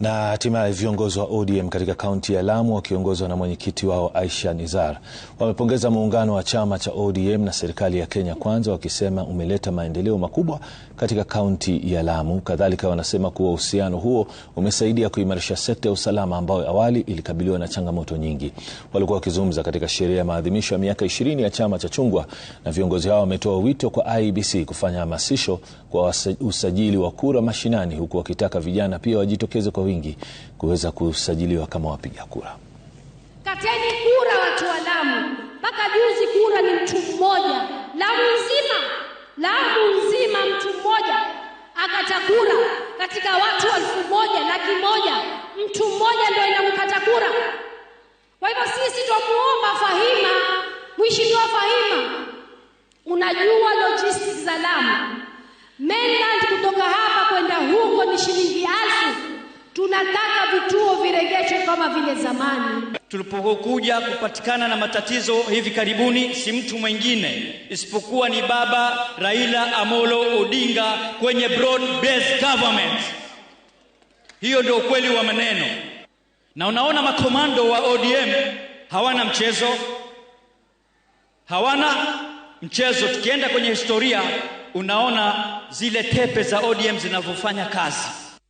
Na hatimaye viongozi wa ODM katika kaunti ya Lamu wakiongozwa na mwenyekiti wao Aisha Nizar wamepongeza muungano wa chama cha ODM na serikali ya Kenya Kwanza wakisema umeleta maendeleo makubwa katika kaunti ya Lamu. Kadhalika wanasema kuwa uhusiano huo umesaidia kuimarisha sekta ya usalama ambayo awali ilikabiliwa na changamoto nyingi. Walikuwa wakizungumza katika sherehe ya maadhimisho ya miaka ishirini ya chama cha chungwa, na viongozi hao wametoa wito kwa IEBC kufanya hamasisho kwa usajili wa kura mashinani, huku wakitaka vijana pia wajitokeze kwa wingi kuweza kusajiliwa kama wapiga kura. Kateni kura watu wa Lamu, mpaka juzi kura ni mtu mmoja. Lamu nzima, Lamu nzima mtu mmoja akata kura katika watu elfu moja laki moja, mtu mmoja ndio inamkata kura. Kwa hivyo sisi twamuomba Fahima, Mheshimiwa Fahima, unajua logistics za Lamu mainland kutoka hapa kwenda huko ni shilingi tunataka vituo virejeshwe kama vile zamani. Tulipokuja kupatikana na matatizo hivi karibuni, si mtu mwingine isipokuwa ni Baba Raila Amolo Odinga kwenye broad based government. Hiyo ndio ukweli wa maneno, na unaona makomando wa ODM hawana mchezo, hawana mchezo. Tukienda kwenye historia, unaona zile tepe za ODM zinavyofanya kazi.